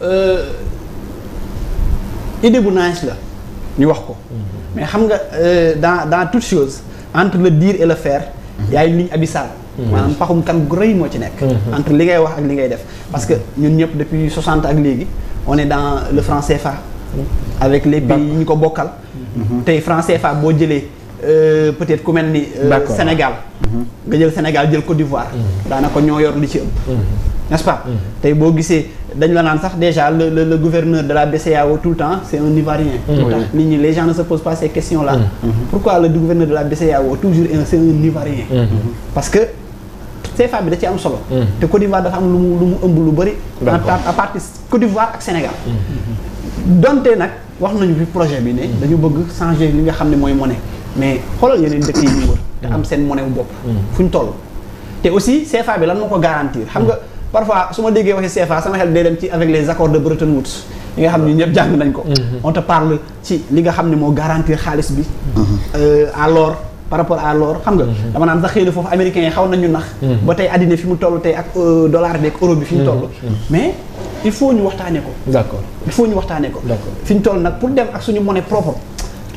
Euh, idée bu nice la ñu wax ko mais xam euh, dans dans toute chose entre le dire et le faire il y a une ligne abyssale Je ne kan gu si moo ci nekk mhm. entre li ngay wax ak li ngay def parce que ñun depuis 60 ans, on est dans le franc CFA avec les pays ko bokkal mhm. tey CFA euh, peut-être ku euh, Sénégal. dans mhm. le Sénégal jël Côte d'Ivoire. Mhm. daanaka ñoo yor li ci mhm. n'est-ce pas. tey déjà le le gouverneur de la BCEAO tout le temps c'est un Ivoirien. les gens ne se posent pas ces questions-là. pourquoi le gouverneur de la BCEAO toujours c'est un Ivoirien. parce que c'est fabuleux, c'est un solo. le Côte d'Ivoire dafa am lu un lu mu lu bari. à partir Côte d'Ivoire et Sénégal. Donc, nag wax nañu projet bi ne. dañu bëgg changer li nga xam monnaie. mais xoolal yeneen dëkk yi ñu wër te am seen monnaie bopp hmm. fu ñu toll te aussi CFA bi lan moo ko garantir xam nga hmm. parfois su ma déggee waxi CFA sama xel day dem ci avec les accords de Bretton Woods li nga xam ni ñëpp jàng nañ ko hmm. on ci li nga xam ne moo garantir xaalis bi euh, à l'or par rapport à l'or xam nga dama naan sax xëy foofu américains yi xaw nañu nax ba tey àddina fi mu toll tey ak euh, dollar bi ak euro bi fi ñu toll mais il faut ñu waxtaanee ko d'accord il faut ñu waxtaanee ko fi ñu toll nag pour dem ak suñu monnaie propre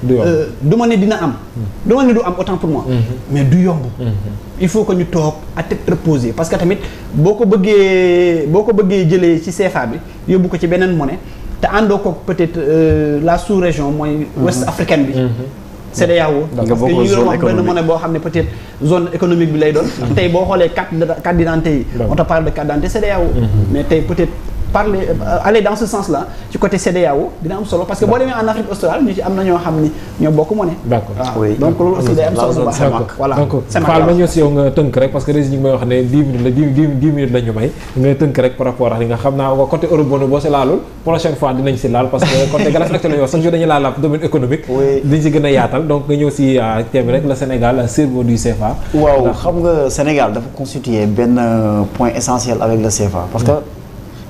Euh, du ma ne dina am mm-hmm. du ma ne du am autant pour moi mm-hmm. mais du yomb mm-hmm. il faut que ñu toog à tête reposée parce que tamit boo ko bëggee boo ko bëggee jëlee ci CFA bi yóbbu ko ci beneen monnaie te àndoo ko peut-être euh, la sous-région mooy ouest africaine bi CEDEAO parce que boo xam ne peut-être zone économique bi lay doon tey boo xoolee carte carte d'identité yi on te parle de carte d'identité CEDEAO mais tey peut-être parler euh, aller dans ce sens là du côté CEDEAO dina am solo parce que boo demee en Afrique australe ñu ci am na ñoo xam ni ñoo bokk oui donc loolu aussi voilà donc Fall ma ñëw si yow nga tënk rek parce que rési ñu ngi may wax ne 10 minutes 10 10 minutes la ñu may nga tënk rek par rapport à li nga xam naa côté Europe boobu boo si laalul prochaine fois dinañ si laal parce que côté galas rek la ñuy wax chaque jour dañuy laal domaine économique. dañ si gën a yaatal donc nga ñëw si euh, thème rek le Sénégal cerveau du CFA. waaw xam nga Sénégal dafa constituer benn euh, point essentiel avec le CFA parce que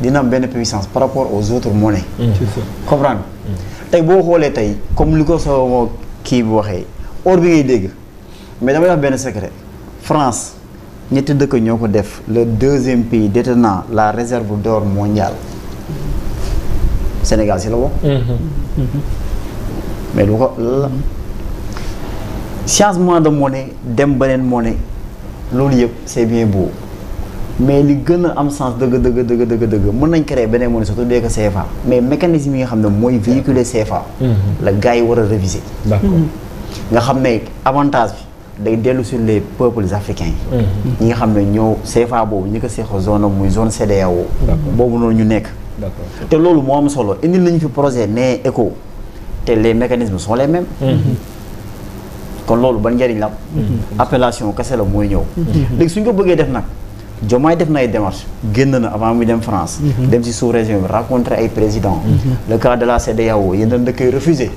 dina une puissance par rapport aux autres monnaies. Mm. comprendre mm. tey boo xoolee tey comme li ko qui vous bi waxee or bi ngay dégg mais damay wax secret France ñetti dëkk ñoo ko def le deuxième pays détenant la réserve d'or mondiale Sénégal c'est là bokk. Mm-hmm. Mm-hmm. mais lu ko changement de monnaie dem monnaie loolu c'est bien beau mais li gën a am sens dëgg dëgg dëgg dëgg dëgg mën nañ créer beneen monnaie surtout dee ko CFA mais mécanisme yi nga xam ne mooy véhiculer CFA. Mm-hmm. la gars yi war a réviser. d'accord mm-hmm. nga xam ne avantage bi day dellu sur les peuples africains mm-hmm. ñi nga xam ne ñoo CFA boobu ñi ko seexoo zone muy zone CEDEAO. boobu noonu ñu nekk. te loolu moo am solo indil nañu fi projet nee ECO te les mécanismes sont les mêmes. kon loolu ban njëriñ la appellation kese la mooy ñëw. léegi suñ ko bëggee def nag. Je def faire une démarche. avant France. Mhm. dem sous-région rencontrer président mhm. le cas de la CDAO, il y refusé.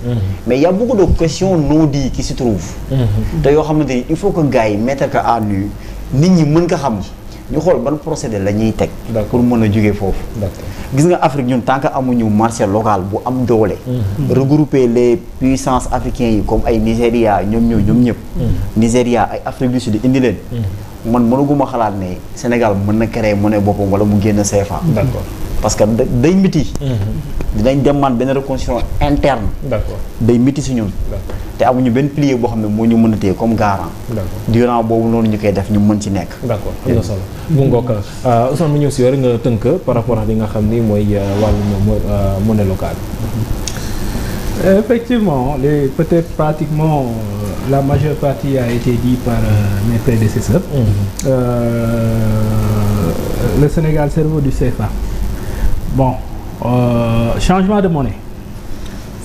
mais il y' a beaucoup de questions non dites qui se trouvent. D'ailleurs, mhm. il faut que gars mettre à nu nit ñi xam. procédé pour nous a jógee gis nga marché local bu am regrouper les puissances africaines comme ay Nigeria, Afrique du Sud indi indiens. man mënaguma xalaat ne Sénégal mën na créer monnaie boppam wala mu génn CFA. d'accord parce que day miti. Mhm. dinañ demande benn reconstruction interne. d'accord day miti si ñun. te amuñu benn pilier boo xam ne moo ñu mën a téye comme garant. d'accord durant boobu noonu ñu koy def ñu mën ci nekk. d'accord am na solo mu ngoog euh, Ousmane mu ñëw si weer nga tënk par rapport ak li nga xam ni mooy euh, wàllum euh, monnaie local Effectivement, peut-être pratiquement euh, la majeure partie a été dit par euh, mes prédécesseurs. Mhm. Euh, le Sénégal, cerveau du CFA. Bon, changement de monnaie,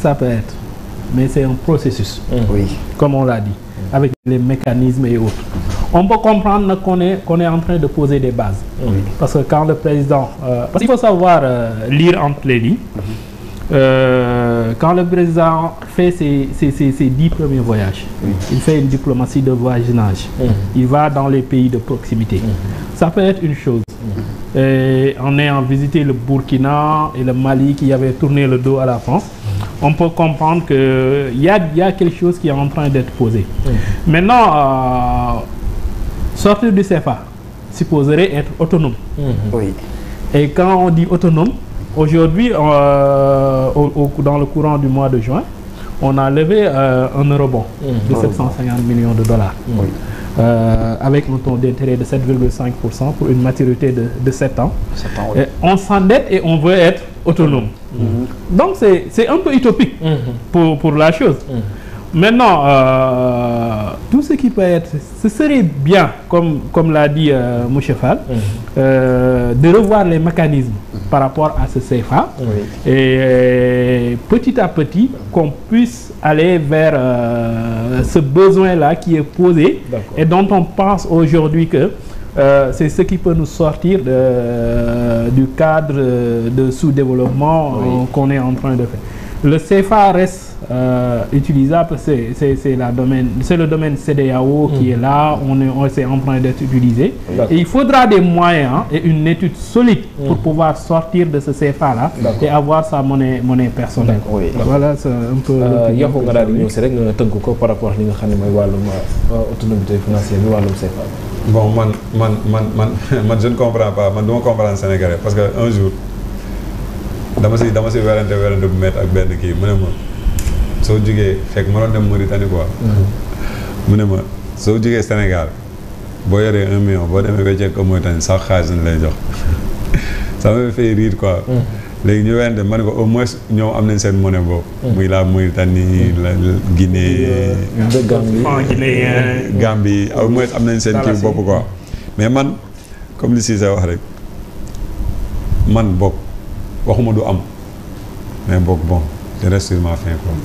ça peut être, mais c'est un processus, mhm. comme on l'a dit, mhm. avec les mécanismes et autres. On peut comprendre qu'on est, qu'on est en train de poser des bases. Parce que quand le président... parce qu'il faut savoir lire entre les lits. Euh, quand le président fait ses, ses, dix premiers voyages, il fait une diplomatie de voisinage. Mm. Il va dans les pays de proximité. Mm. Ça peut être une chose. Mm. est en ayant visité le Burkina et le Mali qui avaient tourné le dos à la France, on peut comprendre qu'il y a, y quelque chose qui est en train d'être posé. Maintenant, euh, sortir du CFA supposerait être autonome. Mm-hmm. Et quand on dit autonome, Aujourd'hui, euh, dans le courant du mois de juin, on a levé euh, un eurobond mmh. de 750 millions de dollars. Mmh. Euh, avec un taux d'intérêt de 7,5% pour une maturité de, 7 ans. on s'endette et on veut être autonome. Mmh. Donc c'est un peu utopique pour, la chose. Maintenant, tout ce qui peut être, ce serait bien, comme, l'a dit euh, Mouchefal, de revoir les mécanismes par rapport à ce CFA. Et euh, petit à petit, qu'on puisse aller vers euh, ce besoin-là qui est posé et dont on pense aujourd'hui que euh, c'est ce qui peut nous sortir du cadre de sous-développement qu'on est en train de faire le CFA reste euh, utilisable, c'est le domaine CDAO qui hmm. est là, on est, on est en train d'être utilisé. Et il faudra des moyens hein, et une étude solide hmm. pour pouvoir sortir de ce CFA-là et avoir sa monnaie, monnaie personnelle. Oui. Voilà, c'est un peu... Euh, par rapport à l'autonomie euh, financière, Bon, man, man, man, man, je ne comprends pas, je ne comprends pas sénégalais, parce qu'un jour, dama si dama si werante werante bu métti ak benn kii mu ne ma soo jugee fekk ma doon dem Mauritanie quoi. Mm-hmm. mu ne ma soo jugee Sénégal boo yoree un million boo demee wecceek ko Mauritanie sax xaalis lañ lay jox ça m'a fait rire quoi. Mm-hmm. léegi ñu werante ma ne ko au moins ñoom am nañ seen monnaie boobu. Mm-hmm. muy la Mauritanie la Guinée. Gambie Gambie au moins am nañ seen kii bopp quoi. mais man comme li Cissé wax rek man bokk. waxuma du am mais boog bon je reste sur ma faim quoi.